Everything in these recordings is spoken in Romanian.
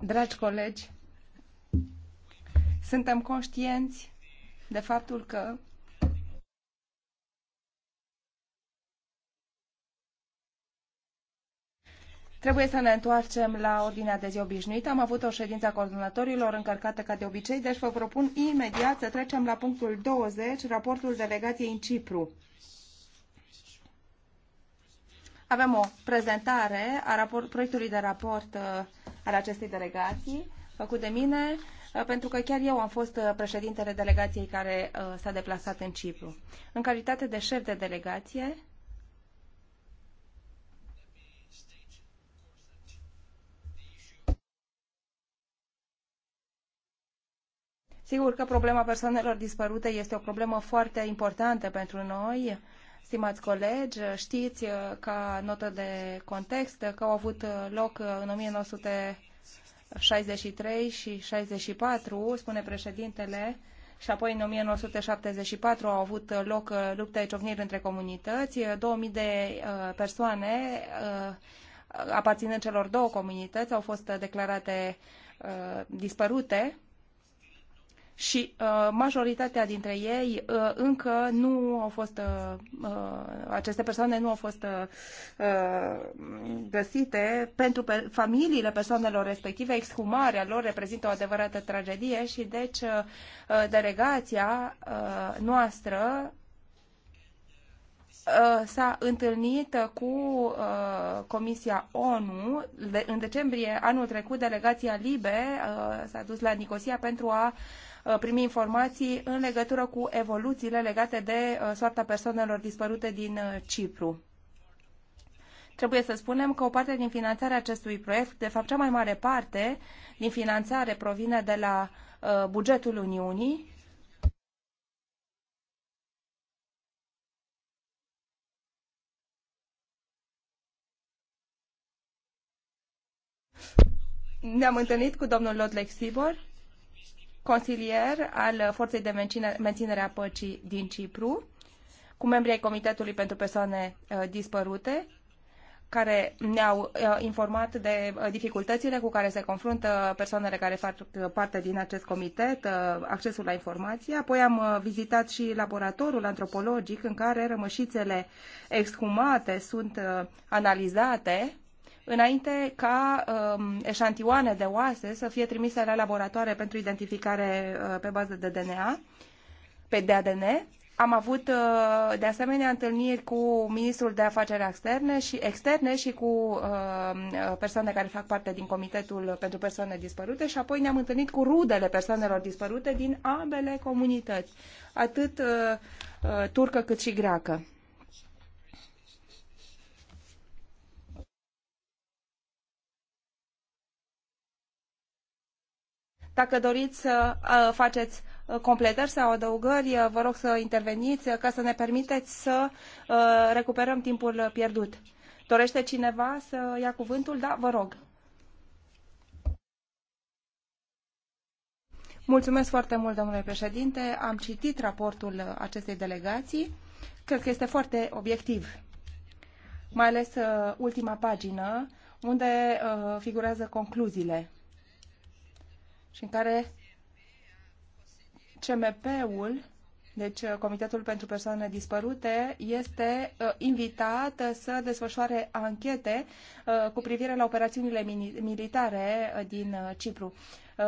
Dragi colegi, suntem conștienți de faptul că Trebuie să ne întoarcem la ordinea de zi obișnuită. Am avut o ședință a coordonatorilor încărcată ca de obicei, deci vă propun imediat să trecem la punctul 20, raportul delegației în Cipru. Avem o prezentare a raport, proiectului de raport uh, al acestei delegații, făcut de mine, uh, pentru că chiar eu am fost uh, președintele delegației care s-a deplasat în Cipru. În calitate de șef de delegație, Sigur că problema persoanelor dispărute este o problemă foarte importantă pentru noi. Stimați colegi, știți uh, ca notă de context uh, că au avut uh, loc în 1963 și 64, spune președintele, și apoi în 1974 au avut loc lupte de ciocniri între comunități, 2000 de persoane aparținând celor două comunități au fost declarate dispărute și uh, majoritatea dintre ei uh, încă nu au fost, uh, uh aceste persoane nu au fost uh, uh, găsite. Pentru pe familiile persoanelor respective, exhumarea lor reprezintă o adevărată tragedie și deci delegația noastră Uh, s-a întâlnit cu uh, Comisia ONU. în decembrie anul trecut, delegația LIBE uh, s-a dus la Nicosia pentru a primi informații în legătură cu evoluțiile legate de soarta persoanelor dispărute din Cipru. Trebuie să spunem că o parte din finanțarea acestui proiect, de fapt cea mai mare parte din finanțare provine de la bugetul Uniunii, Ne-am întâlnit cu domnul Lodlec Sibor, consilier al Forței de Menținere a Păcii din Cipru, cu membrii ai Comitetului pentru Persoane uh, Dispărute, care ne-au uh, informat de uh, dificultățile cu care se confruntă persoanele care fac parte din acest comitet, accesul la informație. Apoi am vizitat și laboratorul antropologic în care rămășițele exhumate sunt analizate înainte ca um, eșantioane de oase să fie trimise la laboratoare pentru identificare uh, pe bază de DNA, pe de ADN. Am avut uh, de asemenea întâlniri cu ministrul de afaceri externe și externe și cu um, uh, persoane care fac parte din Comitetul pentru Persoane Dispărute și apoi ne-am întâlnit cu rudele persoanelor dispărute din ambele comunități, atât uh, uh turcă cât și greacă. Dacă doriți să uh, faceți uh, completări sau adăugări, uh, vă rog să interveniți ca să ne permiteți să recuperăm timpul pierdut. Dorește cineva să ia cuvântul? Da, vă rog. Mulțumesc foarte mult, domnule președinte. Am citit raportul acestei delegații. Cred că este foarte obiectiv, mai ales ultima pagină, unde figurează concluziile și în care CMP-ul deci, uh, Comitetul pentru Persoane Dispărute este uh, invitat uh, să desfășoare anchete cu privire la operațiunile militare din Cipru.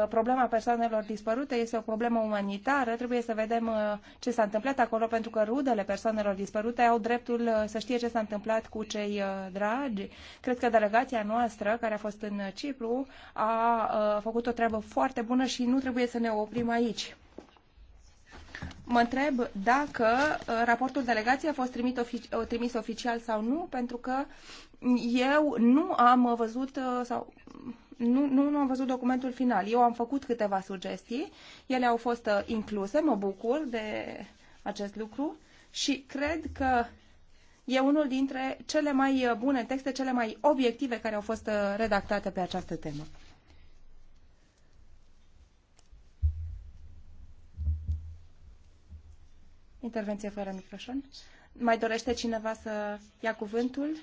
Problema persoanelor dispărute este o problemă umanitară. Trebuie să vedem ce s-a întâmplat acolo, pentru că rudele persoanelor dispărute au dreptul să știe ce s-a întâmplat cu cei dragi. Cred că delegația noastră, care a fost în Cipru, a făcut o treabă foarte bună și nu trebuie să ne oprim aici Mă întreb dacă uh, raportul delegației a fost trimis, ofici- uh, trimis oficial sau nu, pentru că eu nu am văzut uh, sau nu, nu, nu am văzut documentul final. Eu am făcut câteva sugestii, ele au fost incluse, mă bucur de acest lucru și cred că e unul dintre cele mai bune texte, cele mai obiective care au fost redactate pe această temă. Intervenție fără microșon. Mai dorește cineva să ia cuvântul?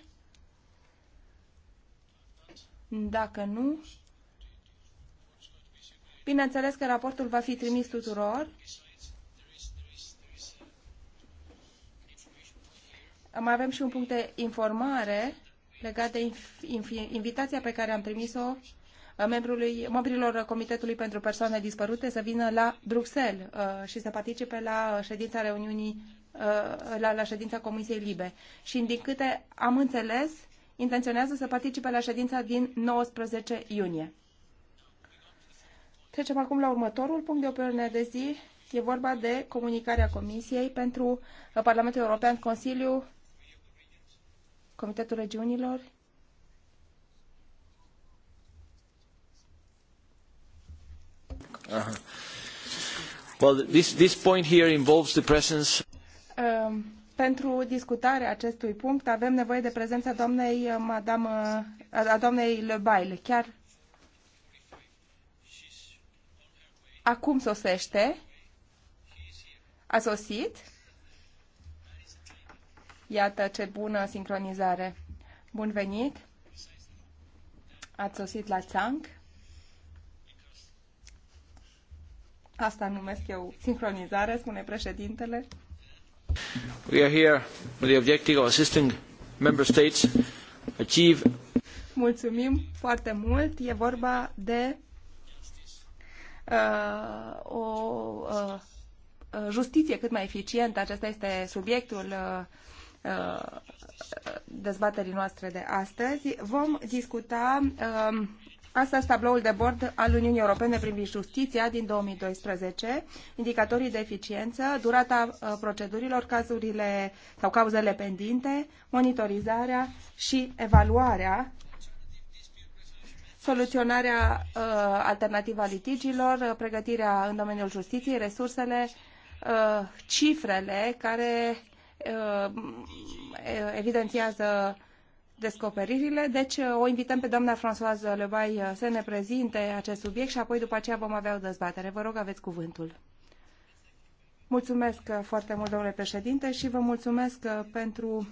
Dacă nu, bineînțeles că raportul va fi trimis tuturor. Mai avem și un punct de informare legat de invitația pe care am trimis-o membrului, membrilor Comitetului pentru Persoane Dispărute să vină la Bruxelles uh, și să participe la uh, ședința reuniunii, uh, la, la ședința Comisiei Libe. Și din câte am înțeles, intenționează să participe la ședința din 19 iunie. Trecem acum la următorul punct de ordine de zi. E vorba de comunicarea Comisiei pentru Parlamentul European, Consiliu, Comitetul Regiunilor Well, this, this point here involves the presence... Ehm, pentru discutarea acestui punct avem nevoie de prezența doamnei, eh, madame, eh, a doamnei Le Bail. Chiar acum sosește. A sosit. Iată ce bună sincronizare. Bun venit. Ați sosit la Țanc. Asta numesc eu sincronizare, spune președintele. We are here with the objective of assisting member states achieve Mulțumim foarte mult. E vorba de uh, o uh, justiție cât mai eficientă. Acesta este subiectul uh, uh dezbaterii noastre de astăzi. Vom discuta uh, Asta este tabloul de bord al Uniunii Europene privind justiția din 2012, indicatorii de eficiență, durata uh, procedurilor, cazurile sau cauzele pendinte, monitorizarea și evaluarea soluționarea uh, alternativă a litigilor, uh, pregătirea în domeniul justiției, resursele, uh, cifrele care uh, evidențiază uh, descoperirile. Deci uh, o invităm pe doamna Françoise Lebai uh, să ne prezinte acest subiect și apoi după aceea vom avea o dezbatere. Vă rog, aveți cuvântul. Mulțumesc uh, foarte mult, domnule președinte, și vă mulțumesc pentru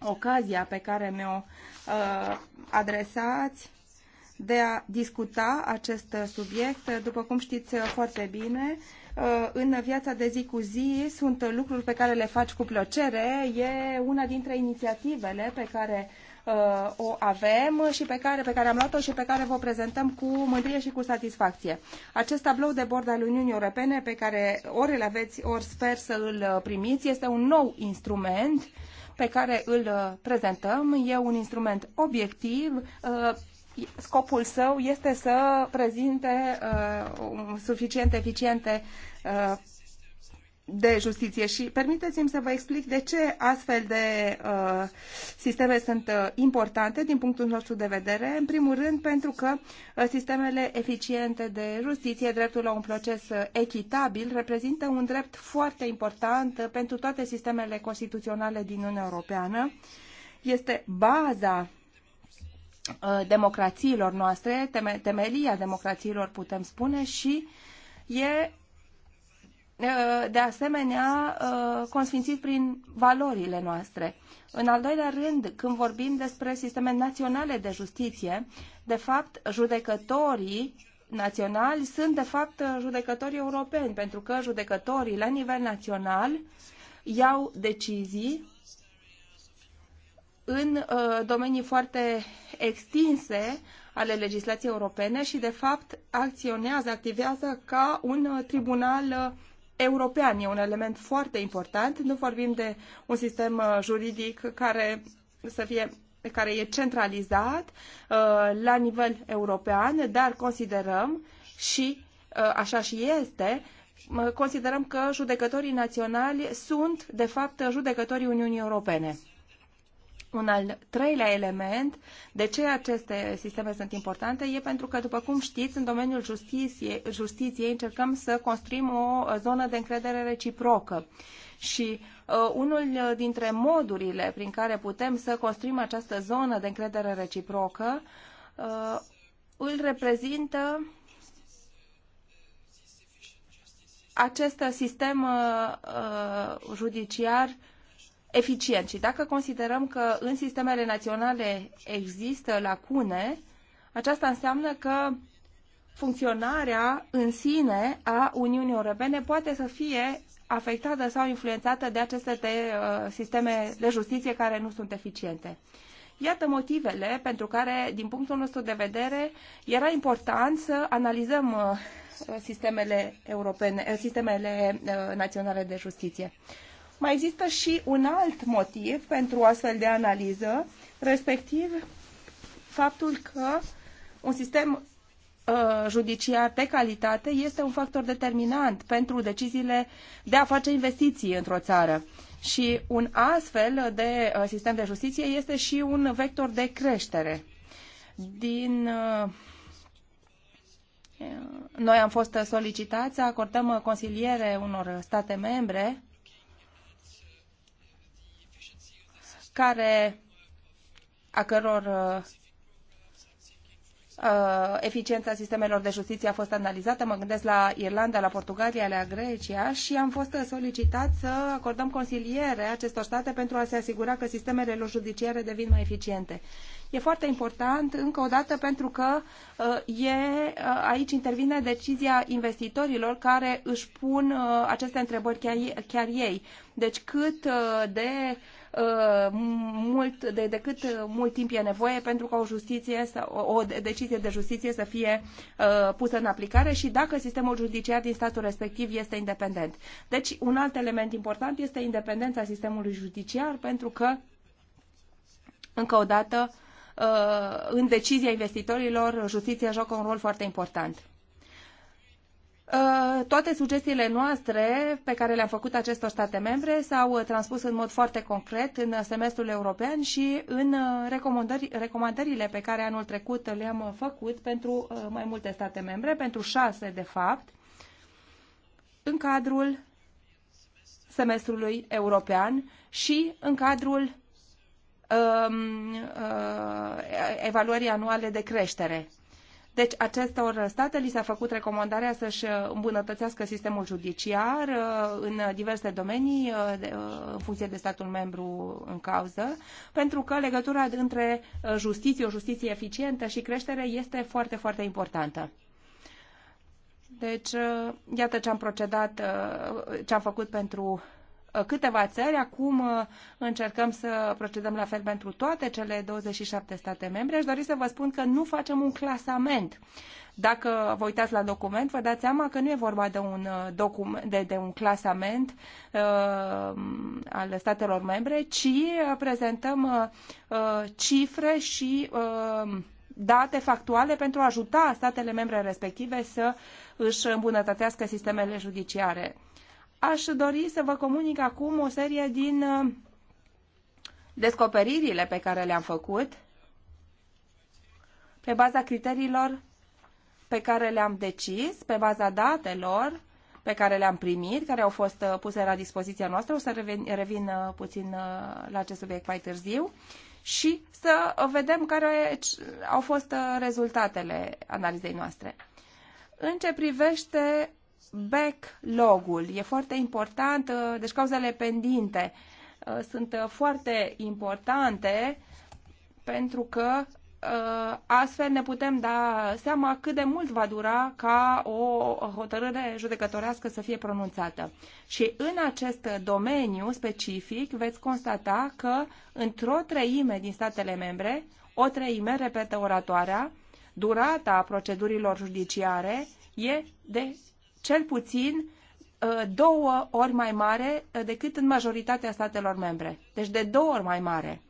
ocazia pe care mi-o uh, adresați de a discuta acest subiect. După cum știți foarte bine, uh, în viața de zi cu zi sunt lucruri pe care le faci cu plăcere. E una dintre inițiativele pe care uh, o avem și pe care, pe care am luat-o și pe care vă prezentăm cu mândrie și cu satisfacție. Acest tablou de bord al Uniunii Europene pe care ori îl aveți, ori sper să îl primiți, este un nou instrument pe care îl uh, prezentăm. E un instrument obiectiv scopul său este să prezinte uh, um, suficient eficiente uh, de justiție și permiteți-mi să vă explic de ce astfel de uh, sisteme sunt uh, importante din punctul nostru de vedere. În primul rând pentru că uh, sistemele eficiente de justiție, dreptul la un proces uh, echitabil, reprezintă un drept foarte important uh, pentru toate sistemele constituționale din Uniunea Europeană. Este baza uh, Uh, democrațiilor noastre, temelia democrațiilor, putem spune, și e uh, de asemenea uh, consfințit prin valorile noastre. În al doilea rând, când vorbim despre sisteme naționale de justiție, de fapt, judecătorii naționali sunt, de fapt, judecătorii europeni, pentru că judecătorii la nivel național iau decizii în uh, domenii foarte extinse ale legislației europene și, de fapt, acționează, activează ca un uh, tribunal uh, european. E un element foarte important. Nu vorbim de un sistem juridic care să fie care e centralizat la nivel european, dar considerăm și așa și este, considerăm că judecătorii naționali sunt de fapt judecătorii Uniunii Europene. Un al treilea element de ce aceste sisteme sunt importante e pentru că, după cum știți, în domeniul justiției, justiției încercăm să construim o zonă de încredere reciprocă. Și uh, unul dintre modurile prin care putem să construim această zonă de încredere reciprocă uh, îl reprezintă acest sistem uh, uh judiciar uh, eficient. Și dacă considerăm că în sistemele naționale există lacune, aceasta înseamnă că funcționarea în sine a Uniunii Europene poate să fie afectată sau influențată de aceste de, uh, sisteme de justiție care nu sunt eficiente. Iată motivele pentru care, din punctul nostru de vedere, era important să analizăm uh, sistemele europene, uh, sistemele uh, naționale de justiție. Mai există și un alt motiv pentru o astfel de analiză, respectiv faptul că un sistem uh, judiciar de calitate este un factor determinant pentru deciziile de a face investiții într-o țară. Și un astfel de uh, sistem de justiție este și un vector de creștere. Din uh, noi am fost solicitați să acordăm consiliere unor state membre care a căror uh, uh, eficiența sistemelor de justiție a fost analizată. Mă gândesc la Irlanda, la Portugalia, la Grecia și am fost solicitat să acordăm consiliere acestor state pentru a se asigura că sistemele lor judiciare devin mai eficiente. E foarte important, încă o dată, pentru că uh, e, uh, aici intervine decizia investitorilor care își pun uh, aceste întrebări chiar, chiar ei. Deci cât uh, de uh, Uh, mult de, decât uh, mult timp e nevoie pentru ca o justiție să, o decizie de justiție să fie uh, pusă în aplicare și dacă sistemul judiciar din statul respectiv este independent. Deci un alt element important este independența sistemului judiciar pentru că încă o dată în decizia investitorilor, justiția joacă un rol foarte important. Uh, toate sugestiile noastre pe care le-am făcut acestor state membre s-au uh, transpus în mod foarte concret în uh, semestrul european și în recomandări, recomandările pe care anul trecut le-am făcut pentru mai multe state membre, pentru șase de fapt, în cadrul semestrului european și în cadrul um, uh, evaluării anuale de creștere deci acestor state li s-a făcut recomandarea să-și îmbunătățească sistemul judiciar uh, în diverse domenii, uh, uh, în funcție de statul membru în cauză, pentru că legătura între justiție, o justiție eficientă și creștere este foarte, foarte importantă. Deci, iată ce am procedat, ce am făcut pentru Uh, câteva țări, acum uh, încercăm să procedăm la fel pentru toate cele 27 state membre. Aș dori să vă spun că nu facem un clasament. Dacă vă uitați la document, vă dați seama că nu e vorba de un, uh, document, de, de un clasament uh, al statelor membre, ci prezentăm uh, cifre și uh, date factuale pentru a ajuta statele membre respective să își îmbunătățească sistemele judiciare. Aș dori să vă comunic acum o serie din uh, descoperirile pe care le-am făcut pe baza criteriilor pe care le-am decis, pe baza datelor pe care le-am primit, care au fost uh, puse la dispoziția noastră. O să revin, revin uh, puțin la acest subiect mai târziu și să vedem care au fost rezultatele analizei noastre. În ce privește backlog-ul e foarte important, uh, deci cauzele pendinte uh, sunt uh, foarte importante pentru că astfel ne putem da seama cât de mult va dura ca o hotărâre judecătorească să fie pronunțată. Și în acest domeniu specific veți constata că într-o treime din statele membre, o treime, repetă oratoarea, durata procedurilor judiciare e de cel puțin uh, două ori mai mare uh, decât în majoritatea statelor membre. Deci de două ori mai mare.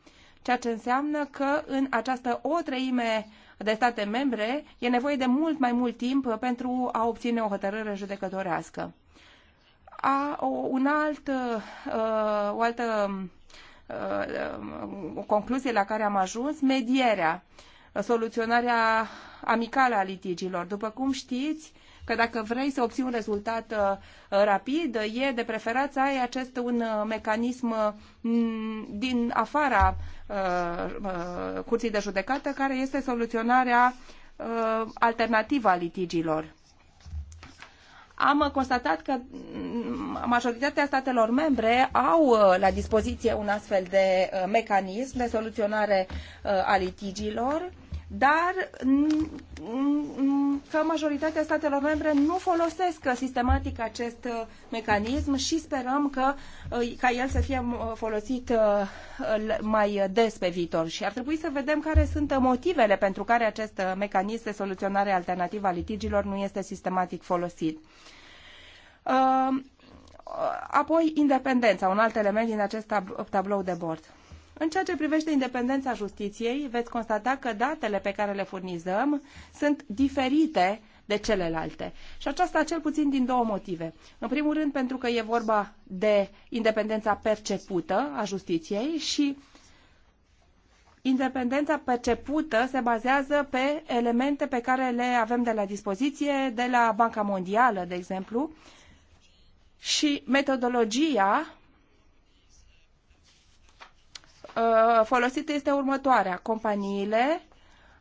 Ceea ce înseamnă că în această o treime de state membre e nevoie de mult mai mult timp uh, pentru a obține o hotărâre judecătorească. A, o, un alt, o altă o um, concluzie la care am ajuns, medierea, soluționarea amicală a litigilor. După cum știți, că dacă vrei să obții un rezultat uh, rapid, e de preferat să ai acest un uh, mecanism mm, din afara uh, curții de judecată, care este soluționarea alternativă a litigilor am constatat că mm, majoritatea statelor membre au la dispoziție un astfel de mecanism de soluționare a litigiilor dar că majoritatea statelor membre nu folosesc sistematic acest uh, mecanism și sperăm că, uh, ca el să fie uh, folosit mai des pe viitor. Și ar trebui să vedem care sunt motivele pentru care acest mecanism de soluționare alternativă a litigilor nu este sistematic folosit. Apoi, independența, un alt element din acest tablou de bord în ceea ce privește independența justiției, veți constata că datele pe care le furnizăm sunt diferite de celelalte. Și aceasta cel puțin din două motive. În primul rând pentru că e vorba de independența percepută a justiției și independența percepută se bazează pe elemente pe care le avem de la dispoziție, de la Banca Mondială, de exemplu, și metodologia Uh, folosită este următoarea. Companiile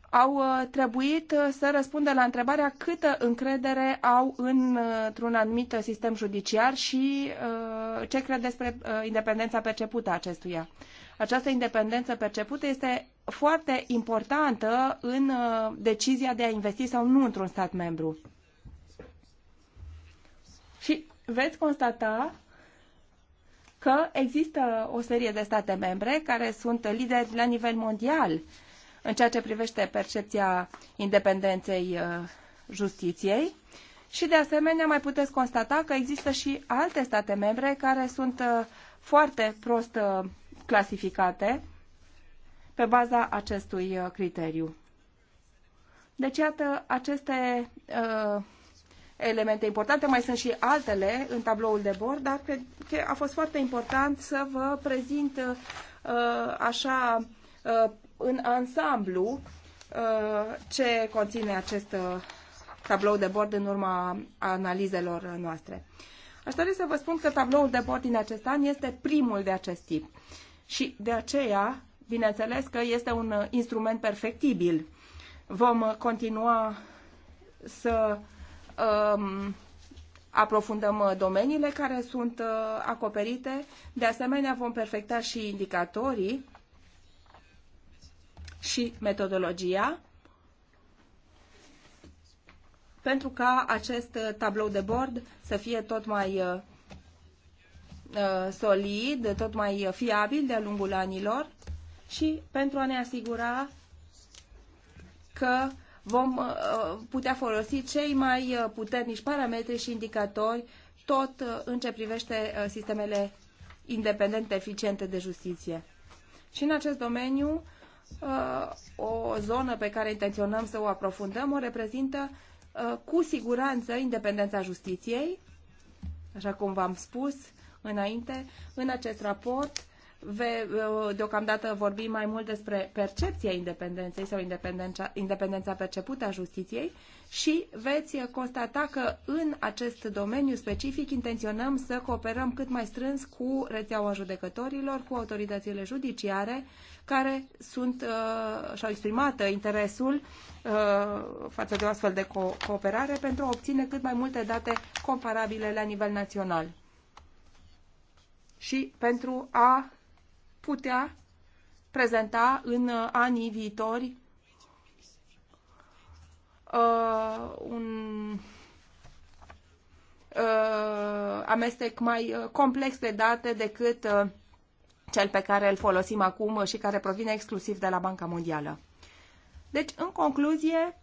au uh, trebuit uh, să răspundă la întrebarea câtă încredere au în, într-un anumit sistem judiciar și ce cred despre independența percepută a acestuia. Această independență percepută este foarte importantă în decizia de a investi sau nu într-un stat membru. Și veți constata că există o serie de state membre care sunt lideri la nivel mondial în ceea ce privește percepția independenței uh, justiției și, de asemenea, mai puteți constata că există și alte state membre care sunt uh, foarte prost uh, clasificate pe baza acestui criteriu. Deci, iată, aceste uh, elemente importante, mai sunt și altele în tabloul de bord, dar cred că a fost foarte important să vă prezint uh, așa uh, în ansamblu uh, ce conține acest tablou de bord în urma analizelor noastre. Aș dori să vă spun că tabloul de bord din acest an este primul de acest tip și de aceea, bineînțeles că este un instrument perfectibil. Vom continua să uh, um, aprofundăm uh, domeniile care sunt uh, acoperite. De asemenea, vom perfecta și indicatorii și metodologia pentru ca acest uh, tablou de bord să fie tot mai solid, tot mai fiabil de-a lungul anilor și pentru a ne asigura că vom uh, putea folosi cei mai uh, puternici parametri și indicatori tot uh, în ce privește sistemele independente, eficiente de justiție. Și în acest domeniu, o zonă pe care intenționăm să o aprofundăm o reprezintă cu siguranță independența justiției, așa cum v-am spus înainte, în acest raport Deocamdată vorbim mai mult despre percepția independenței sau independența, independența percepută a justiției și veți constata că în acest domeniu specific intenționăm să cooperăm cât mai strâns cu rețeaua judecătorilor, cu autoritățile judiciare care sunt uh, și-au exprimat interesul uh, față de o astfel de co- cooperare pentru a obține cât mai multe date comparabile la nivel național și pentru a putea prezenta în uh, anii viitori uh, un uh, amestec mai uh, complex de date decât uh, cel pe care îl folosim acum și care provine exclusiv de la Banca Mondială. Deci, în concluzie,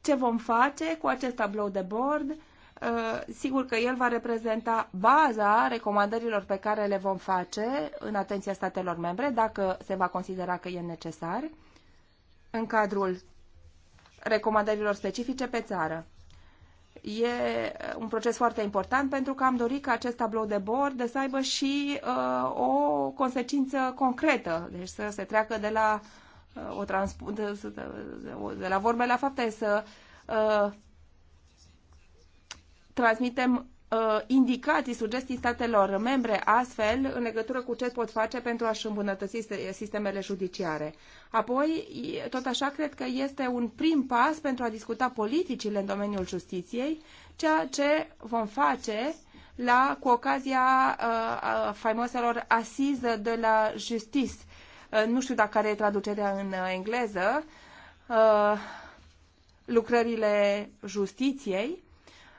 ce vom face cu acest tablou de bord? Uh, sigur că el va reprezenta baza recomandărilor pe care le vom face în atenția statelor membre, dacă se va considera că e necesar, în cadrul recomandărilor specifice pe țară. E un proces foarte important pentru că am dorit ca acest tablou de bord să aibă și uh, o consecință concretă, deci să se treacă de la, uh, o de, de, de, de la vorbe la fapte, să uh, transmitem uh, indicații, sugestii statelor membre astfel în legătură cu ce pot face pentru a-și îmbunătăți sistemele judiciare. Apoi, tot așa, cred că este un prim pas pentru a discuta politicile în domeniul justiției, ceea ce vom face la, cu ocazia uh, faimoselor asiză de la justice. Uh, nu știu dacă are traducerea în engleză. Uh, lucrările justiției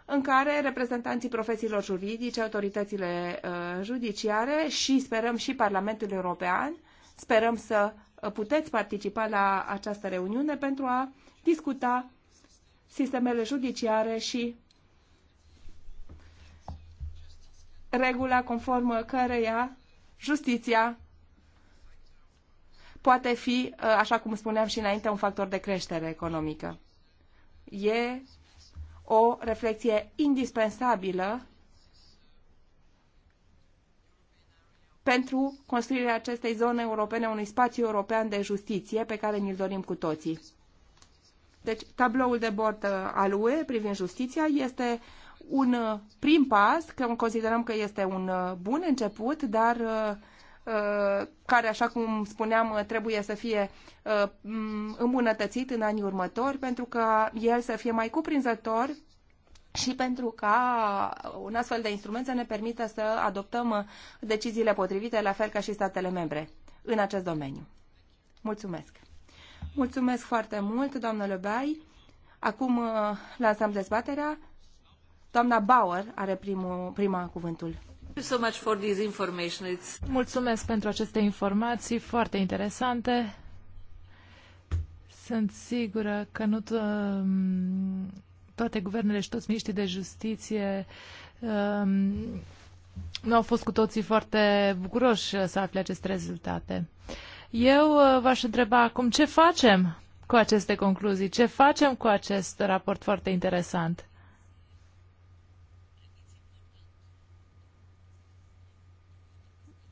în care reprezentanții profesiilor juridice, autoritățile uh, judiciare și sperăm și Parlamentul European, sperăm să uh, puteți participa la această reuniune pentru a discuta sistemele judiciare și regula conform căreia justiția poate fi, uh, așa cum spuneam și înainte, un factor de creștere economică. E o reflexie indispensabilă pentru construirea acestei zone europene, unui spațiu european de justiție pe care ni-l dorim cu toții. Deci, tabloul de bord uh, al UE privind justiția este un uh, prim pas, că considerăm că este un uh, bun început, dar uh, Uh, care, așa cum spuneam, uh, trebuie să fie uh, îmbunătățit în anii următori pentru că el să fie mai cuprinzător și pentru ca un astfel de instrument să ne permită să adoptăm deciziile potrivite, la fel ca și statele membre, în acest domeniu. Mulțumesc! Mulțumesc foarte mult, doamnă Lebai. Acum lansăm dezbaterea. Doamna Bauer are primul, prima cuvântul. Mulțumesc pentru aceste informații foarte interesante. Sunt sigură că nu to toate guvernele și toți miniștrii de justiție um, nu au fost cu toții foarte bucuroși să afle aceste rezultate. Eu uh, v-aș întreba acum ce facem cu aceste concluzii, ce facem cu acest raport foarte interesant.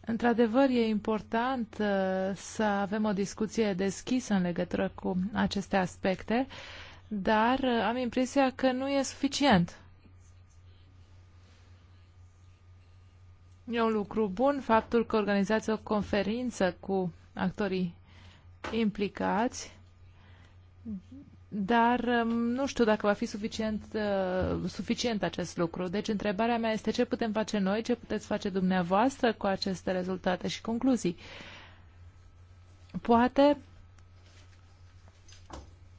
Într-adevăr, e important uh, să avem o discuție deschisă în legătură cu aceste aspecte, dar uh, am impresia că nu e suficient. E un lucru bun faptul că organizați o conferință cu actorii implicați, dar um, nu știu dacă va fi suficient, uh, suficient acest lucru. Deci întrebarea mea este ce putem face noi, ce puteți face dumneavoastră cu aceste rezultate și concluzii. Poate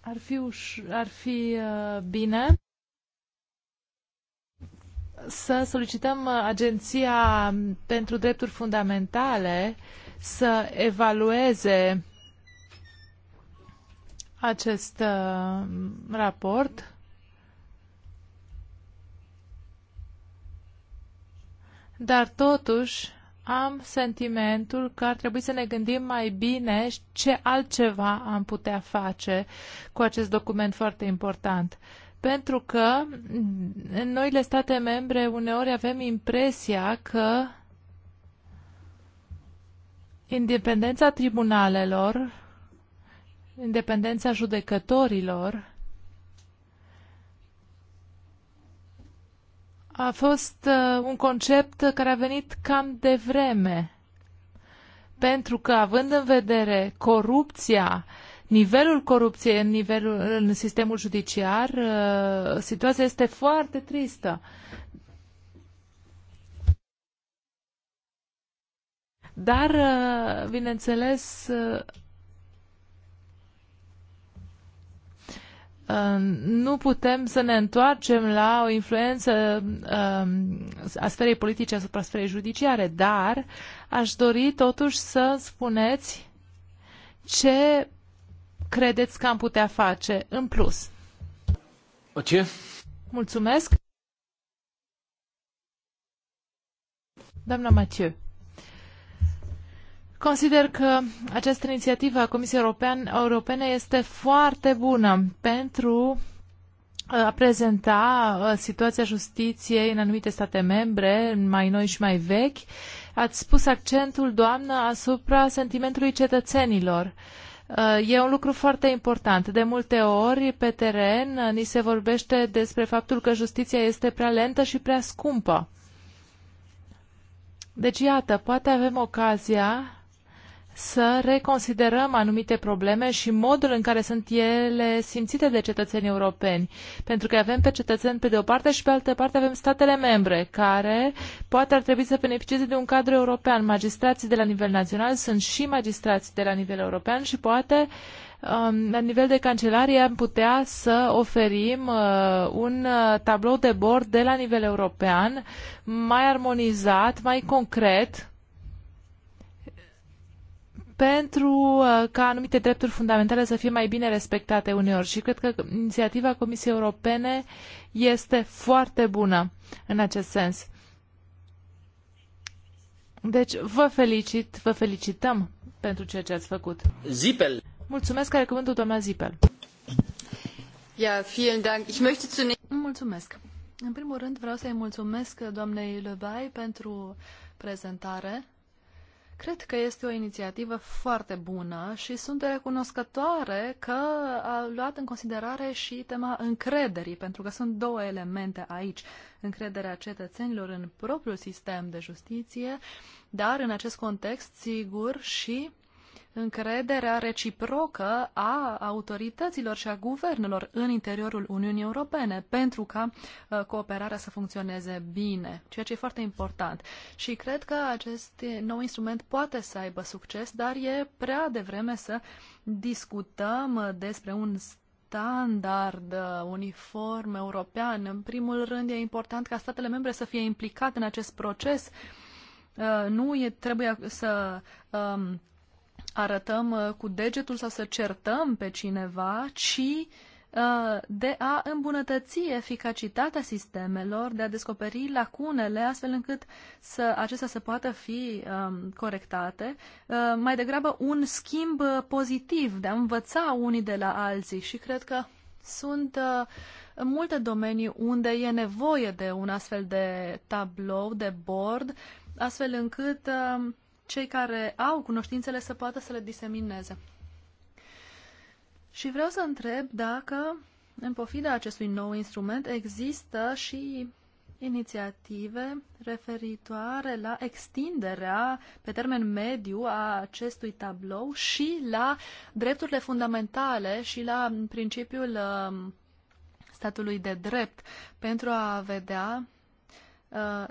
ar fi, uș- ar fi uh, bine să solicităm uh, Agenția pentru Drepturi Fundamentale să evalueze acest uh, raport. Dar totuși am sentimentul că ar trebui să ne gândim mai bine ce altceva am putea face cu acest document foarte important. Pentru că în noile state membre uneori avem impresia că independența tribunalelor independența judecătorilor a fost uh, un concept care a venit cam de vreme. Pentru că, având în vedere corupția, nivelul corupției în, nivelul, în sistemul judiciar, uh, situația este foarte tristă. Dar, uh, bineînțeles, Uh, nu putem să ne întoarcem la o influență um, a sferei politice asupra sferei judiciare, dar aș dori totuși să spuneți ce credeți că am putea face în plus. Ce? Mulțumesc. Doamna Mathieu. Consider că această inițiativă a Comisiei Europene este foarte bună pentru uh, a prezenta uh, situația justiției în anumite state membre, mai noi și mai vechi. Ați pus accentul, doamnă, asupra sentimentului cetățenilor. Uh, e un lucru foarte important. De multe ori, pe teren, ni se vorbește despre faptul că justiția este prea lentă și prea scumpă. Deci, iată, poate avem ocazia să reconsiderăm anumite probleme și modul în care sunt ele simțite de cetățenii europeni. Pentru că avem pe cetățeni pe de o parte și pe altă parte avem statele membre, care poate ar trebui să beneficieze de un cadru european. Magistrații de la nivel național sunt și magistrații de la nivel european și poate um, la nivel de cancelarie am putea să oferim uh, un uh, tablou de bord de la nivel european mai armonizat, mai concret, pentru uh, ca anumite drepturi fundamentale să fie mai bine respectate uneori și cred că inițiativa Comisiei Europene este foarte bună în acest sens. Deci vă felicit, vă felicităm pentru ceea ce ați făcut. Zipel. Mulțumesc, are cuvântul doamna Zipel. Ja, vielen Dank. Ich möchte zunächst... Mulțumesc. În primul rând vreau să-i mulțumesc doamnei Lebai pentru prezentare Cred că este o inițiativă foarte bună și sunt recunoscătoare că a luat în considerare și tema încrederii, pentru că sunt două elemente aici. Încrederea cetățenilor în propriul sistem de justiție, dar în acest context, sigur, și încrederea reciprocă a autorităților și a guvernelor în interiorul Uniunii Europene pentru ca uh, cooperarea să funcționeze bine, ceea ce e foarte important. Și cred că acest nou instrument poate să aibă succes, dar e prea devreme să discutăm despre un standard uh, uniform european. În primul rând, e important ca statele membre să fie implicate în acest proces. Uh, nu e, trebuie să um, arătăm uh, cu degetul sau să certăm pe cineva, ci uh, de a îmbunătăți eficacitatea sistemelor, de a descoperi lacunele astfel încât să, acestea să poată fi um, corectate, uh, mai degrabă un schimb uh, pozitiv, de a învăța unii de la alții și cred că sunt uh, multe domenii unde e nevoie de un astfel de tablou, de bord, astfel încât uh, cei care au cunoștințele să poată să le disemineze. Și vreau să întreb dacă, în pofida acestui nou instrument, există și inițiative referitoare la extinderea pe termen mediu a acestui tablou și la drepturile fundamentale și la principiul um, statului de drept pentru a vedea uh,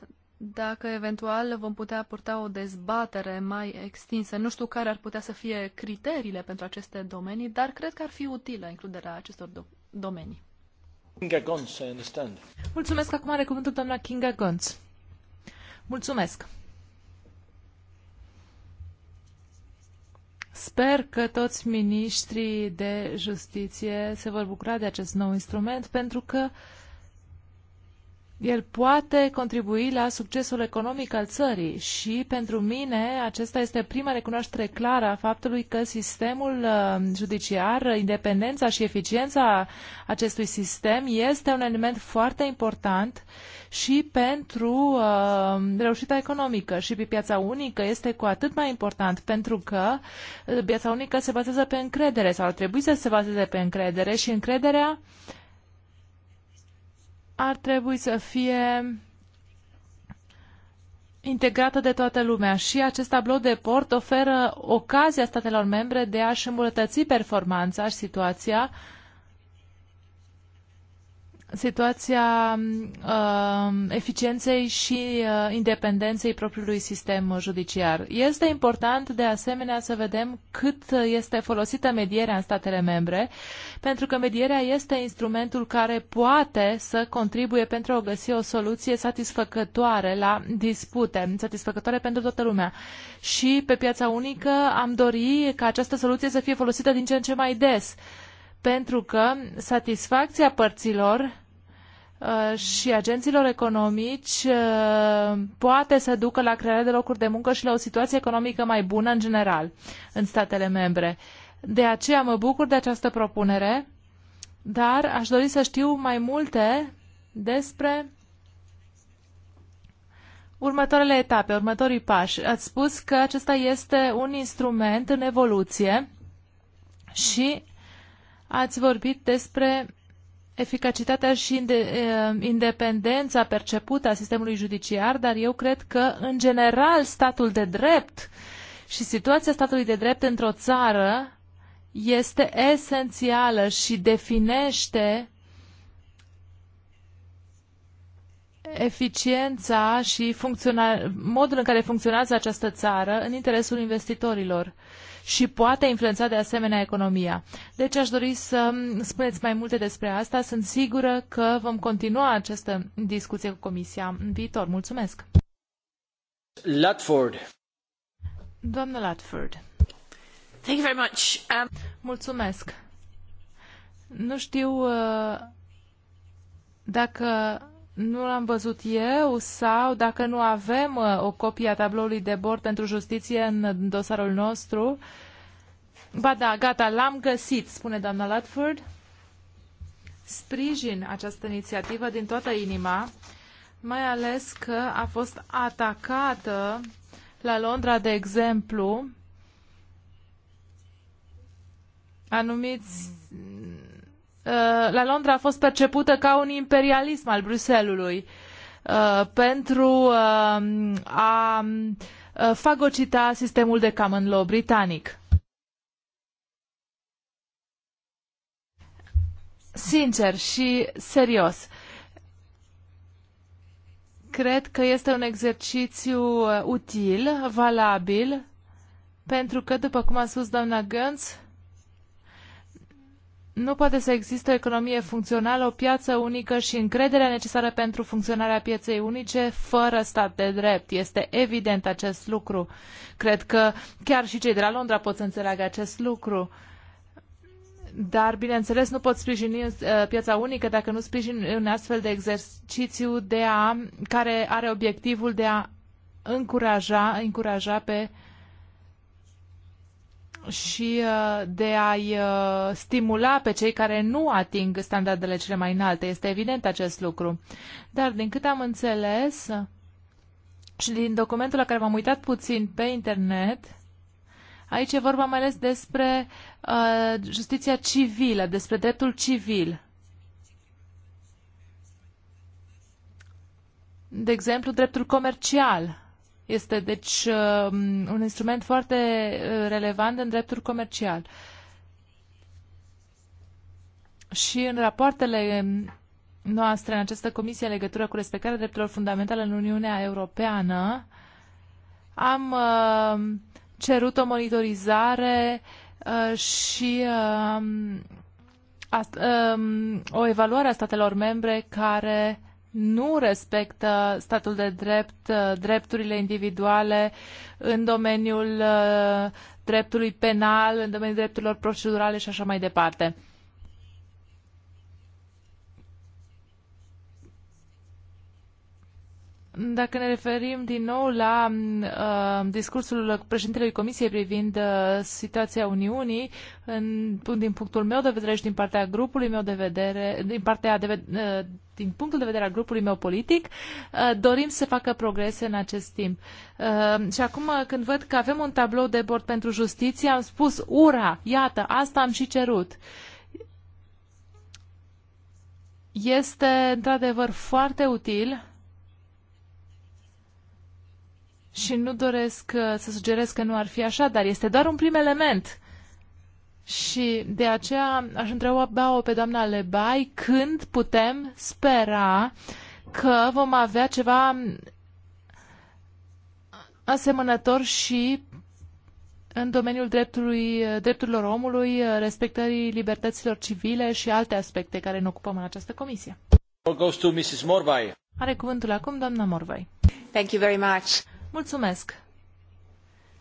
dacă eventual vom putea purta o dezbatere mai extinsă. Nu știu care ar putea să fie criteriile pentru aceste domenii, dar cred că ar fi utilă includerea acestor do- domenii. Kinga Gons, I understand. Mulțumesc. Acum are cuvântul doamna Kinga Gons. Mulțumesc. Sper că toți ministrii de justiție se vor bucura de acest nou instrument pentru că uh, el poate contribui la succesul economic al țării și pentru mine acesta este prima recunoaștere clară a faptului că sistemul uh, judiciar, independența și eficiența acestui sistem este un element foarte important și pentru uh, reușita economică și pe piața unică este cu atât mai important pentru că uh, piața unică se bazează pe încredere sau ar trebui să se bazeze pe încredere și încrederea uh, ar trebui să fie integrată de toată lumea și acest tablou de port oferă ocazia statelor membre de a-și îmbunătăți performanța și situația uh, situația uh, eficienței și uh, independenței propriului sistem judiciar. Este important, de asemenea, să vedem cât este folosită medierea în statele membre, pentru că medierea este instrumentul care poate să contribuie pentru a găsi o soluție satisfăcătoare la dispute, satisfăcătoare pentru toată lumea. Și pe piața unică am dori ca această soluție să fie folosită din ce în ce mai des pentru că satisfacția părților Uh, și agenților economici uh, poate să ducă la crearea de locuri de muncă și la o situație economică mai bună în general în statele membre. De aceea mă bucur de această propunere, dar aș dori să știu mai multe despre următoarele etape, următorii pași. Ați spus că acesta este un instrument în evoluție și ați vorbit despre eficacitatea și eh, independența percepută a sistemului judiciar, dar eu cred că, în general, statul de drept și situația statului de drept într-o țară este esențială și definește eficiența și modul în care funcționează această țară în interesul investitorilor și poate influența de asemenea economia. Deci aș dori să spuneți mai multe despre asta. Sunt sigură că vom continua această discuție cu Comisia în viitor. Mulțumesc! Latford. Doamnă Latford. Thank you very much. Um... Mulțumesc. Nu știu uh, dacă nu l-am văzut eu sau dacă nu avem uh, o copie a tabloului de bord pentru justiție în dosarul nostru. Ba da, gata, l-am găsit, spune doamna Latford. Sprijin această inițiativă din toată inima, mai ales că a fost atacată la Londra, de exemplu, anumiți Uh, la Londra a fost percepută ca un imperialism al Bruselului uh, pentru um, a uh, fagocita sistemul de common law britanic. Sincer și serios, cred că este un exercițiu util, valabil, pentru că, după cum a spus doamna Gânț, nu poate să existe o economie funcțională, o piață unică și încrederea necesară pentru funcționarea pieței unice fără stat de drept. Este evident acest lucru. Cred că chiar și cei de la Londra pot să înțeleagă acest lucru. Dar, bineînțeles, nu pot sprijini uh, piața unică dacă nu sprijin un astfel de exercițiu de a, care are obiectivul de a încuraja, încuraja pe uh, și uh, de a-i uh, stimula pe cei care nu ating standardele cele mai înalte. Este evident acest lucru. Dar din cât am înțeles și din documentul la care m-am uitat puțin pe internet, aici e vorba mai ales despre uh, justiția civilă, despre dreptul civil. De exemplu, dreptul comercial este, deci, um, un instrument foarte uh, relevant în dreptul comercial. Și în rapoartele um, noastre în această comisie în legătură cu respectarea drepturilor fundamentale în Uniunea Europeană, am um, cerut o monitorizare uh, și o evaluare a statelor membre care nu respectă statul de drept, uh, drepturile individuale în domeniul uh, dreptului penal, în domeniul drepturilor procedurale și așa mai departe. Dacă ne referim din nou la uh, discursul președintelui Comisiei privind uh, situația Uniunii, în, din punctul meu de vedere și din partea grupului meu de vedere, din partea de, uh, din punctul de vedere al grupului meu politic, uh, dorim să facă progrese în acest timp. Uh, și acum uh, când văd că avem un tablou de bord pentru justiție, am spus, ura, iată, asta am și cerut. Este într-adevăr foarte util și nu doresc uh, să sugerez că nu ar fi așa, dar este doar un prim element. Și de aceea aș întreba pe doamna Lebai când putem spera că vom avea ceva asemănător și în domeniul dreptului, drepturilor omului, respectării libertăților civile și alte aspecte care ne ocupăm în această comisie. Goes to Mrs. Are cuvântul acum doamna Morvai. Thank you very much. Mulțumesc!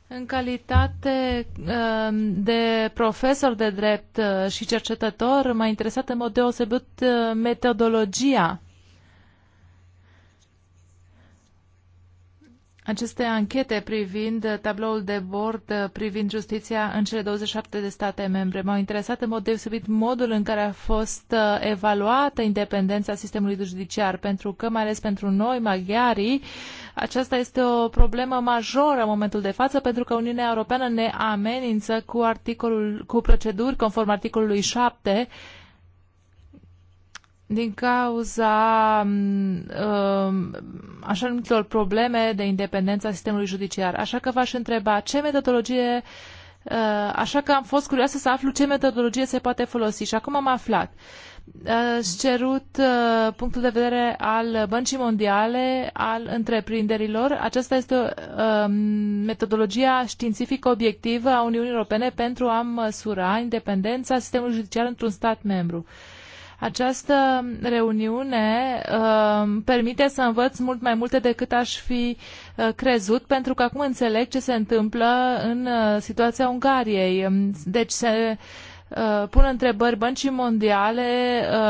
În calitate um, de profesor de drept uh, și cercetător, m-a interesat în mod deosebit uh, metodologia aceste anchete privind tabloul de bord, privind justiția în cele 27 de state membre. M-au interesat în mod deosebit modul în care a fost uh, evaluată independența sistemului judiciar, pentru că, mai ales pentru noi, maghiarii, aceasta este o problemă majoră în momentul de față, pentru că Uniunea Europeană ne amenință cu, articolul, cu proceduri conform articolului 7 din cauza mm, um, așa numitelor probleme de independență a sistemului judiciar. Așa că v-aș întreba ce metodologie uh, Așa că am fost curioasă să aflu ce metodologie se poate folosi și acum am aflat. Uh, ați cerut uh, punctul de vedere al Băncii Mondiale, al întreprinderilor. Aceasta este um, metodologia științifică obiectivă a Uniunii Europene pentru a măsura independența sistemului judiciar într-un stat membru. Uh, această reuniune uh, permite să învăț mult mai multe decât aș fi uh, crezut, pentru că acum înțeleg ce se întâmplă în uh, situația Ungariei. Deci se uh, Uh, pun întrebări băncii mondiale,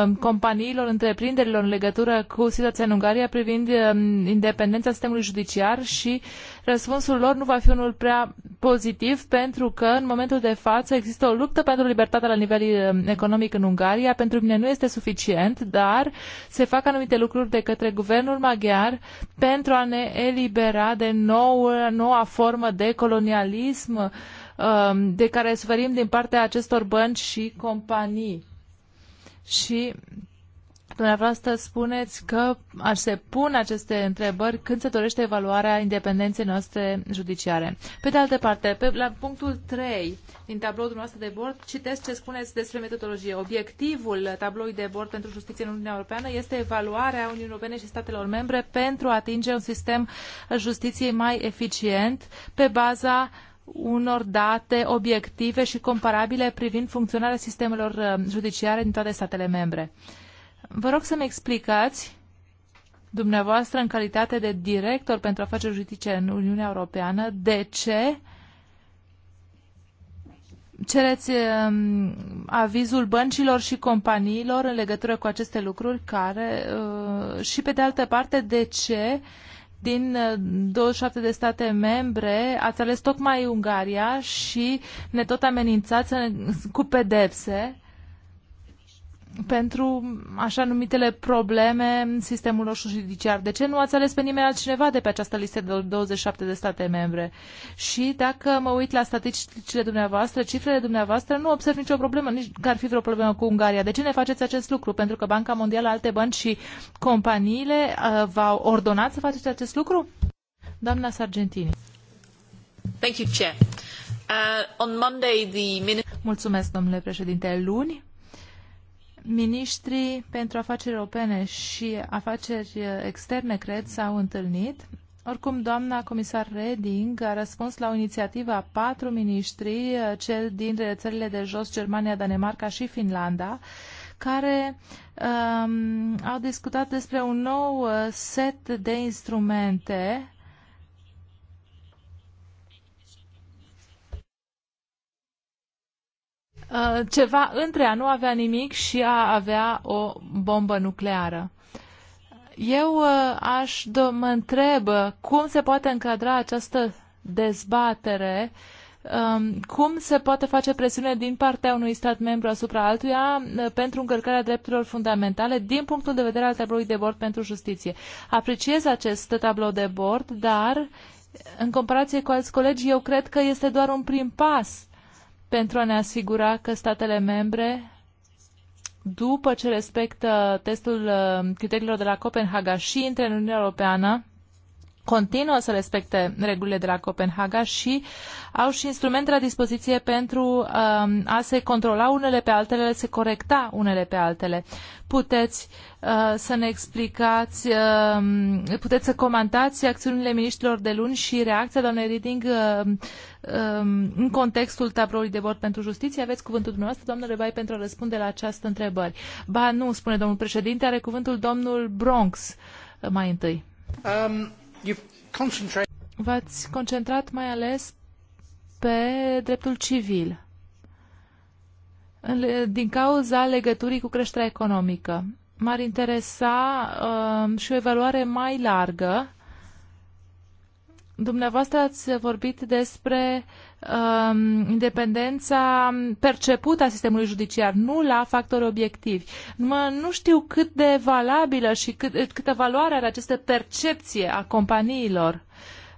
uh, companiilor, întreprinderilor în legătură cu situația în Ungaria privind um, independența sistemului judiciar și răspunsul lor nu va fi unul prea pozitiv pentru că în momentul de față există o luptă pentru libertatea la nivel um, economic în Ungaria. Pentru mine nu este suficient, dar se fac anumite lucruri de către guvernul maghiar pentru a ne elibera de nou, noua formă de colonialism Um, de care suferim din partea acestor bănci și companii. Și dumneavoastră spuneți că ar se pun aceste întrebări când se dorește evaluarea independenței noastre judiciare. Pe de altă parte, pe, la punctul 3 din tabloul dumneavoastră de bord, citesc ce spuneți despre metodologie. Obiectivul tabloului de bord pentru justiție în Uniunea Europeană este evaluarea Uniunii Europene și statelor membre pentru a atinge un sistem justiției mai eficient pe baza uh, unor date obiective și comparabile privind funcționarea sistemelor uh, judiciare din toate statele membre. Vă rog să-mi explicați, dumneavoastră, în calitate de director pentru afaceri juridice în Uniunea Europeană, de ce cereți um, avizul băncilor și companiilor în legătură cu aceste lucruri care uh, și pe de altă parte de ce din 27 uh, de state membre, ați ales tocmai Ungaria și ne tot amenințați cu pedepse pentru așa numitele probleme în sistemul nostru judiciar. De ce nu ați ales pe nimeni altcineva de pe această listă de 27 de state membre? Și dacă mă uit la statisticile dumneavoastră, cifrele dumneavoastră, nu observ nicio problemă, nici că ar fi vreo problemă cu Ungaria. De ce ne faceți acest lucru? Pentru că Banca Mondială, alte bănci și companiile uh, v-au ordonat să faceți acest lucru? Doamna Sargentini. Thank you, Chair. Uh, on Monday, the... Mulțumesc, domnule președinte. Luni, Ministrii pentru afaceri europene și afaceri externe, cred, s-au întâlnit. Oricum, doamna comisar Reding a răspuns la o inițiativă a patru miniștri, cel din rețelele de jos, Germania, Danemarca și Finlanda, care um, au discutat despre un nou uh, set de instrumente Uh, ceva între a nu avea nimic și a avea o bombă nucleară. Eu uh, aș do- mă întreb uh, cum se poate încadra această dezbatere um, cum se poate face presiune din partea unui stat membru asupra altuia pentru încălcarea drepturilor fundamentale din punctul de vedere al tabloului de bord pentru justiție. Apreciez acest tablou de bord, dar în comparație cu alți colegi, eu cred că este doar un prim pas pentru a ne asigura că statele membre, după ce respectă testul uh, criteriilor de la Copenhaga și intră în Uniunea Europeană, continuă să respecte regulile de la Copenhaga și au și instrumente la dispoziție pentru um, a se controla unele pe altele, se corecta unele pe altele. Puteți uh, să ne explicați, uh, puteți să comentați acțiunile miniștrilor de luni și reacția doamnei Reading uh, um, în contextul tabloului de bord pentru justiție. Aveți cuvântul dumneavoastră, doamnă Rebai, pentru a răspunde la această întrebări. Ba nu, spune domnul președinte, are cuvântul domnul Bronx uh, mai întâi. Um... V-ați concentrat mai ales pe dreptul civil din cauza legăturii cu creșterea economică. M-ar interesa uh, și o evaluare mai largă. Dumneavoastră ați vorbit despre Um, independența percepută a sistemului judiciar, nu la factori obiectivi. Mă, nu știu cât de valabilă și cât, câtă valoare are această percepție a companiilor.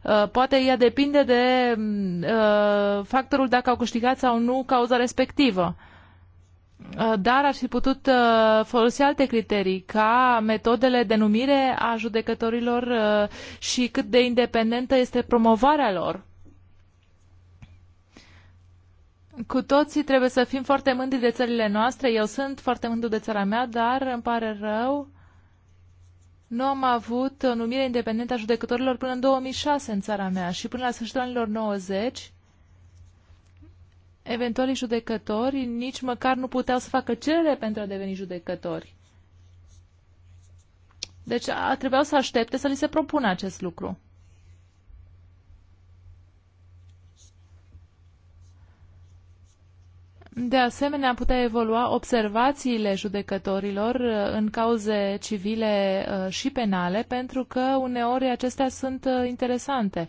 Uh, poate ea depinde de uh, factorul dacă au câștigat sau nu cauza respectivă uh, dar ar fi putut uh, folosi alte criterii, ca metodele de numire a judecătorilor și cât de independentă este promovarea lor. Cu toții trebuie să fim foarte mândri de țările noastre. Eu sunt foarte mândru de țara mea, dar îmi pare rău. Nu am avut o numire independentă a judecătorilor până în 2006 în țara mea și până la sfârșitul anilor 90 eventualii judecători nici măcar nu puteau să facă cerere pentru a deveni judecători. Deci a, trebuiau să aștepte să li se propună acest lucru. De asemenea, putea evolua observațiile judecătorilor uh, în cauze civile uh, și penale, pentru că uneori acestea sunt uh, interesante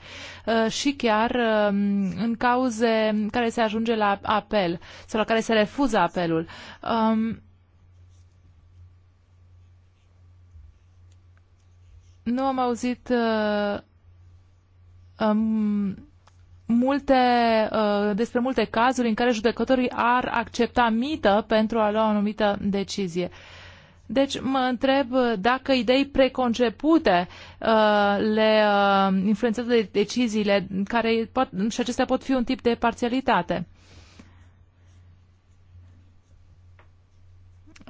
și chiar um, în cauze care se ajunge la apel sau la care se refuză apelul. Um, nu am auzit um, multe, uh, despre multe cazuri în care judecătorii ar accepta mită pentru a lua o anumită decizie. Deci mă întreb dacă idei preconcepute uh, le uh, influențează de deciziile care pot, și acestea pot fi un tip de parțialitate.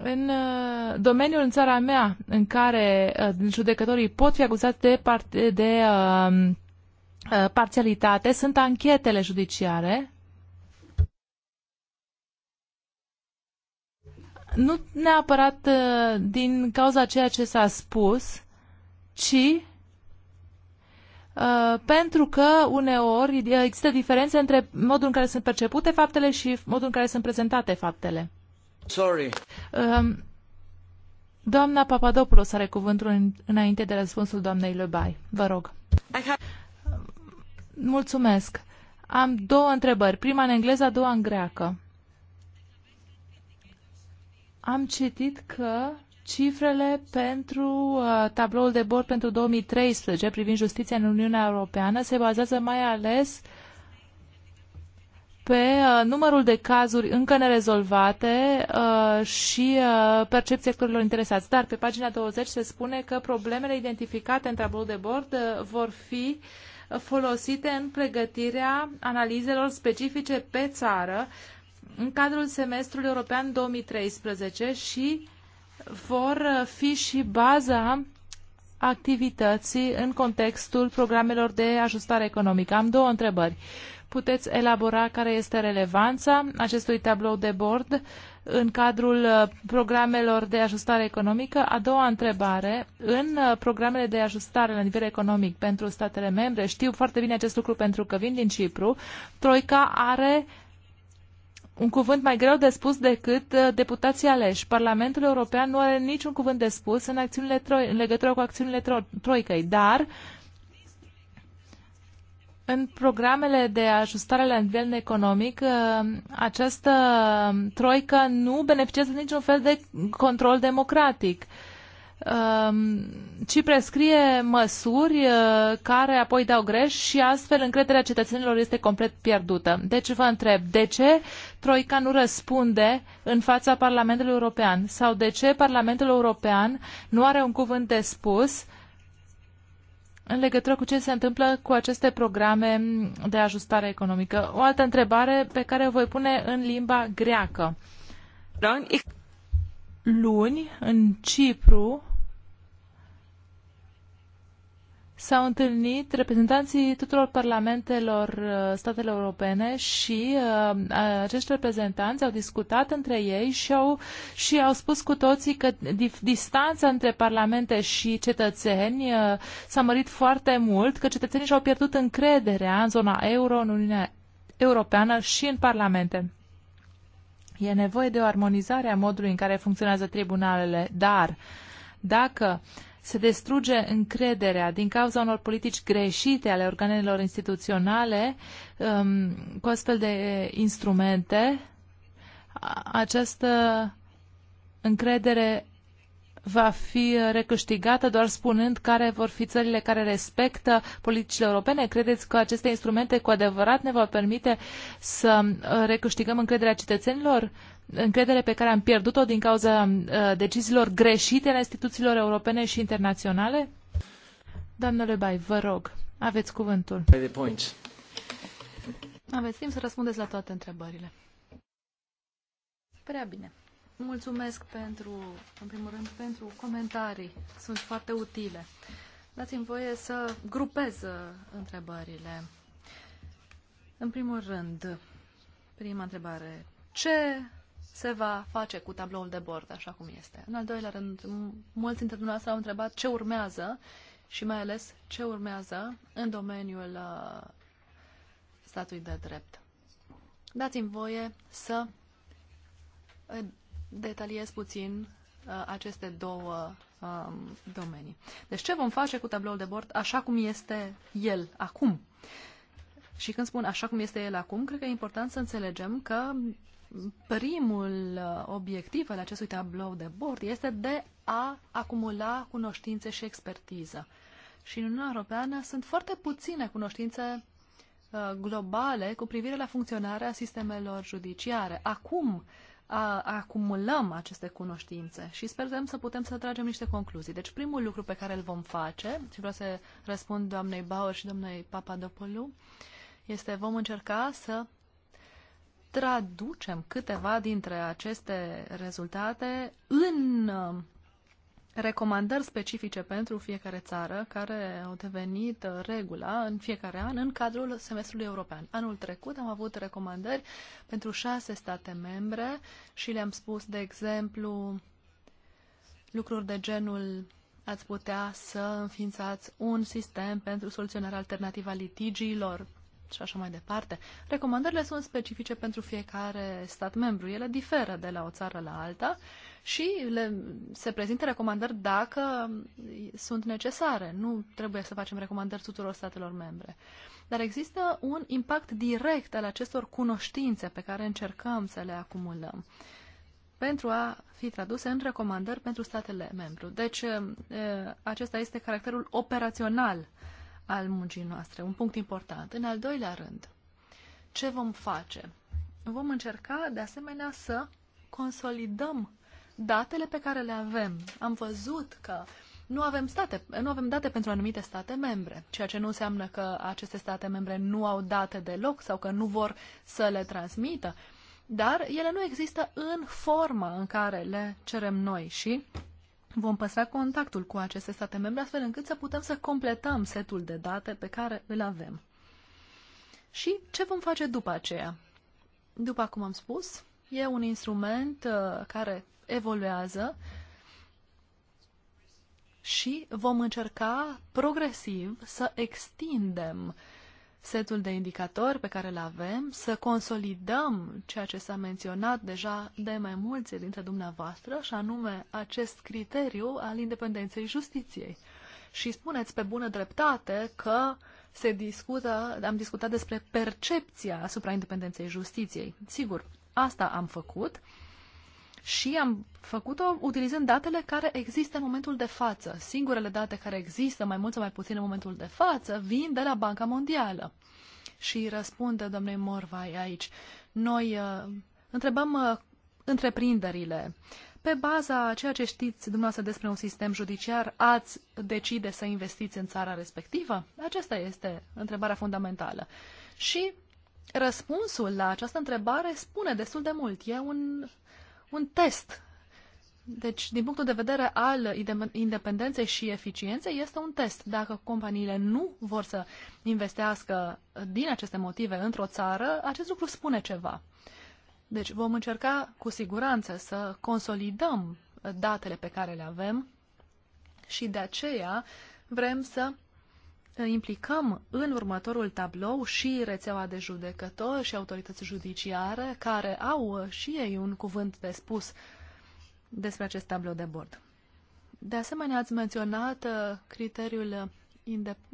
În uh, domeniul în țara mea în care uh, judecătorii pot fi acuzați de, parte, de uh, Uh, parțialitate sunt anchetele judiciare. Nu neapărat uh, din cauza ceea ce s-a spus, ci uh, pentru că uneori există diferențe între modul în care sunt percepute faptele și modul în care sunt prezentate faptele. Sorry. Um, doamna Papadopoulos are cuvântul înainte de răspunsul doamnei Lebai. Vă rog. Mulțumesc. Am două întrebări. Prima în engleză, a doua în greacă. Am citit că cifrele pentru uh, tabloul de bord pentru 2013 privind justiția în Uniunea Europeană se bazează mai ales pe uh, numărul de cazuri încă nerezolvate uh, și uh, percepția actorilor interesați. Dar pe pagina 20 se spune că problemele identificate în tabloul de bord uh, vor fi uh, folosite în pregătirea analizelor specifice pe țară în cadrul semestrului european 2013 și vor fi și baza activității în contextul programelor de ajustare economică. Am două întrebări. Puteți elabora care este relevanța acestui tablou de bord în cadrul uh, programelor de ajustare economică? A doua întrebare, în uh, programele de ajustare la nivel economic pentru statele membre, știu foarte bine acest lucru pentru că vin din Cipru, Troica are un cuvânt mai greu de spus decât uh, deputații aleși. Parlamentul European nu are niciun cuvânt de spus în, acțiunile troi- în legătură cu acțiunile tro- troicăi, dar în programele de ajustare la nivel economic, uh, această troică nu beneficiază niciun fel de control democratic. Uh, Um, ci prescrie măsuri uh, care apoi dau greș și astfel încrederea cetățenilor este complet pierdută. Deci vă întreb, de ce Troica nu răspunde în fața Parlamentului European? Sau de ce Parlamentul European nu are un cuvânt de spus în legătură cu ce se întâmplă cu aceste programe de ajustare economică? O altă întrebare pe care o voi pune în limba greacă luni, în Cipru, s-au întâlnit reprezentanții tuturor parlamentelor uh, statelor europene și uh, acești reprezentanți au discutat între ei și au, și au spus cu toții că distanța între parlamente și cetățeni uh, s-a mărit foarte mult, că cetățenii și-au pierdut încrederea în zona euro, în Uniunea Europeană și în parlamente. E nevoie de o armonizare a modului în care funcționează tribunalele, dar dacă se destruge încrederea din cauza unor politici greșite ale organelor instituționale um, cu astfel de instrumente, această încredere va fi recâștigată doar spunând care vor fi țările care respectă politicile europene? Credeți că aceste instrumente cu adevărat ne vor permite să uh, recâștigăm încrederea cetățenilor? Încredere pe care am pierdut-o din cauza uh, deciziilor greșite ale instituțiilor europene și internaționale? Doamnele Bai, vă rog, aveți cuvântul. Aveți timp să răspundeți la toate întrebările. Prea bine mulțumesc pentru, în primul rând, pentru comentarii. Sunt foarte utile. Dați-mi voie să grupez uh, întrebările. În primul rând, prima întrebare. Ce se va face cu tabloul de bord așa cum este? În al doilea rând, mulți dintre dumneavoastră au întrebat ce urmează și mai ales ce urmează în domeniul uh, statului de drept. Dați-mi voie să uh, detaliez puțin uh, aceste două um, domenii. Deci ce vom face cu tabloul de bord așa cum este el acum? Și când spun așa cum este el acum, cred că e important să înțelegem că primul uh, obiectiv al acestui tablou de bord este de a acumula cunoștințe și expertiză. Și în Uniunea Europeană sunt foarte puține cunoștințe uh, globale cu privire la funcționarea sistemelor judiciare. Acum, a, acumulăm aceste cunoștințe și sperăm să putem să tragem niște concluzii. Deci primul lucru pe care îl vom face, și vreau să răspund doamnei Bauer și doamnei Papadopoulou, este vom încerca să traducem câteva dintre aceste rezultate în recomandări specifice pentru fiecare țară care au devenit regula în fiecare an în cadrul semestrului european. Anul trecut am avut recomandări pentru șase state membre și le-am spus, de exemplu, lucruri de genul ați putea să înființați un sistem pentru soluționarea alternativă a litigiilor și așa mai departe. Recomandările sunt specifice pentru fiecare stat membru. Ele diferă de la o țară la alta și le, se prezintă recomandări dacă sunt necesare. Nu trebuie să facem recomandări tuturor statelor membre. Dar există un impact direct al acestor cunoștințe pe care încercăm să le acumulăm pentru a fi traduse în recomandări pentru statele membru. Deci, eh, acesta este caracterul operațional al muncii noastre, un punct important. În al doilea rând, ce vom face? Vom încerca, de asemenea, să consolidăm datele pe care le avem. Am văzut că nu avem, state, nu avem date pentru anumite state membre, ceea ce nu înseamnă că aceste state membre nu au date deloc sau că nu vor să le transmită, dar ele nu există în forma în care le cerem noi și Vom păstra contactul cu aceste state membre astfel încât să putem să completăm setul de date pe care îl avem. Și ce vom face după aceea? După cum am spus, e un instrument uh, care evoluează și vom încerca progresiv să extindem uh, setul de indicatori pe care îl avem, să consolidăm ceea ce s-a menționat deja de mai mulți dintre dumneavoastră, și anume acest criteriu al independenței justiției. Și spuneți pe bună dreptate că se discută, am discutat despre percepția asupra independenței justiției. Sigur, asta am făcut, și am făcut-o utilizând datele care există în momentul de față. Singurele date care există, mai mult sau mai puțin în momentul de față, vin de la Banca Mondială. Și răspunde domnului Morvai aici. Noi uh, întrebăm uh, întreprinderile. Pe baza ceea ce știți dumneavoastră despre un sistem judiciar, ați decide să investiți în țara respectivă? Aceasta este întrebarea fundamentală. Și răspunsul la această întrebare spune destul de mult. E un un test. Deci, din punctul de vedere al independenței și eficienței, este un test. Dacă companiile nu vor să investească din aceste motive într-o țară, acest lucru spune ceva. Deci vom încerca cu siguranță să consolidăm datele pe care le avem și de aceea vrem să implicăm în următorul tablou și rețeaua de judecători și autorități judiciare care au și ei un cuvânt de spus despre acest tablou de bord. De asemenea, ați menționat uh, criteriul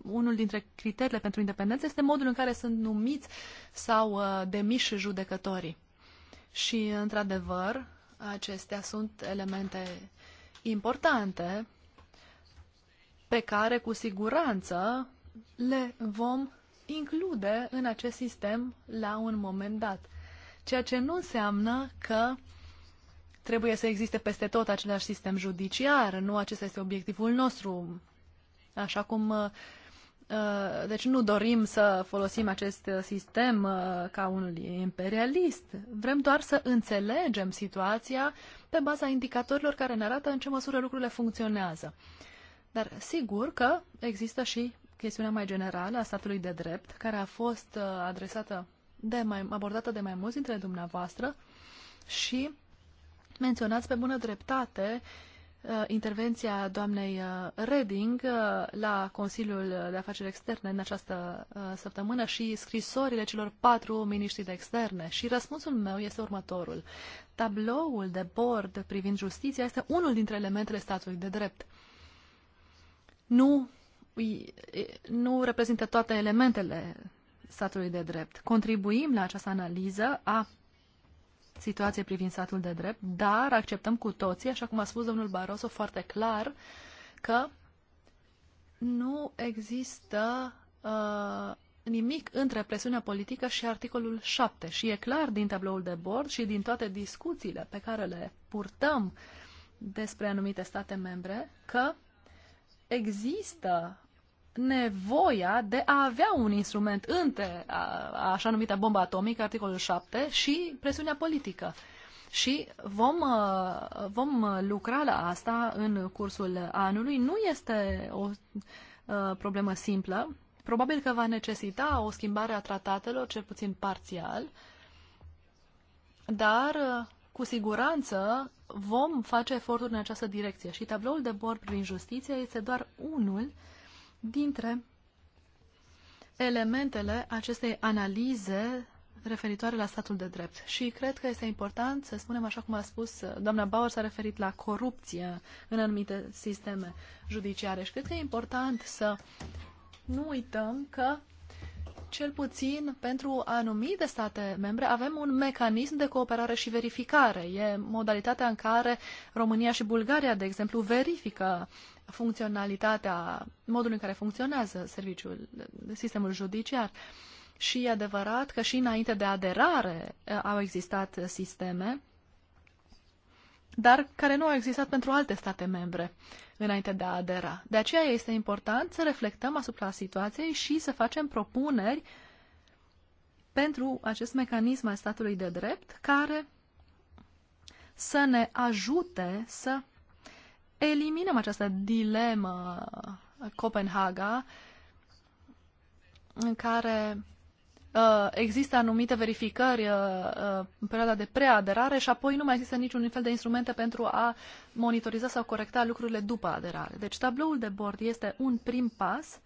unul dintre criteriile pentru independență este modul în care sunt numiți sau uh, demiși judecătorii. Și, într-adevăr, acestea sunt elemente importante pe care cu siguranță le vom include în acest sistem la un moment dat. Ceea ce nu înseamnă că trebuie să existe peste tot același sistem judiciar, nu acesta este obiectivul nostru. Așa cum uh, uh, deci nu dorim să folosim acest sistem uh, ca unul imperialist. Vrem doar să înțelegem situația pe baza indicatorilor care ne arată în ce măsură lucrurile funcționează. Dar sigur că există și chestiunea mai generală a statului de drept, care a fost uh, adresată de mai, abordată de mai mulți dintre dumneavoastră și menționați pe bună dreptate uh, intervenția doamnei uh, Reding la Consiliul de Afaceri Externe în această săptămână și scrisorile celor patru miniștri de externe. Și răspunsul meu este următorul. Tabloul de bord privind justiția este unul dintre elementele statului de drept nu, nu reprezintă toate elementele statului de drept. Contribuim la această analiză a situației privind statul de drept, dar acceptăm cu toții, așa cum a spus domnul Barroso foarte clar, că nu există uh, nimic între presiunea politică și articolul 7. Și e clar din tabloul de bord și din toate discuțiile pe care le purtăm despre anumite state membre că există nevoia de a avea un instrument între a, așa numită bombă atomică, articolul 7, și presiunea politică. Și vom, vom lucra la asta în cursul anului. Nu este o problemă simplă. Probabil că va necesita o schimbare a tratatelor, cel puțin parțial, dar cu siguranță vom face eforturi în această direcție și tabloul de bord prin justiție este doar unul dintre elementele acestei analize referitoare la statul de drept. Și cred că este important să spunem, așa cum a spus uh, doamna Bauer, s-a referit la corupție în anumite sisteme judiciare. Și cred că e important să nu uităm că cel puțin pentru anumite state membre, avem un mecanism de cooperare și verificare. E modalitatea în care România și Bulgaria, de exemplu, verifică funcționalitatea, modul în care funcționează serviciul, sistemul judiciar. Și e adevărat că și înainte de aderare eh, au existat sisteme dar care nu au existat pentru alte state membre înainte de a adera. De aceea este important să reflectăm asupra situației și să facem propuneri pentru acest mecanism al statului de drept care să ne ajute să eliminăm această dilemă Copenhaga în care Uh, există anumite verificări uh, uh, în perioada de preaderare și apoi nu mai există niciun fel de instrumente pentru a monitoriza sau corecta lucrurile după aderare. Deci tabloul de bord este un prim pas,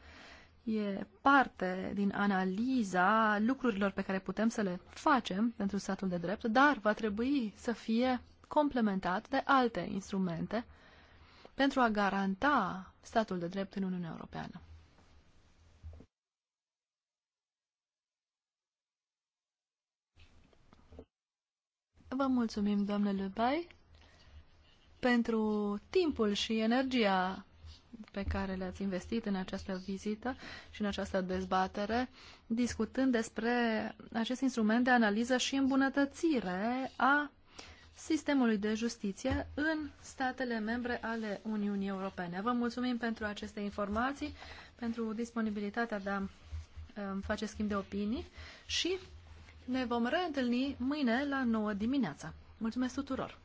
e parte din analiza lucrurilor pe care putem să le facem pentru statul de drept, dar va trebui să fie complementat de alte instrumente pentru a garanta statul de drept în Uniunea Europeană. Vă mulțumim, domnule Bai, pentru timpul și energia pe care le-ați investit în această vizită și în această dezbatere, discutând despre acest instrument de analiză și îmbunătățire a sistemului de justiție în statele membre ale Uniunii Europene. Vă mulțumim pentru aceste informații, pentru disponibilitatea de a um, face schimb de opinii și ne vom reîntâlni mâine la 9 dimineața. Mulțumesc tuturor!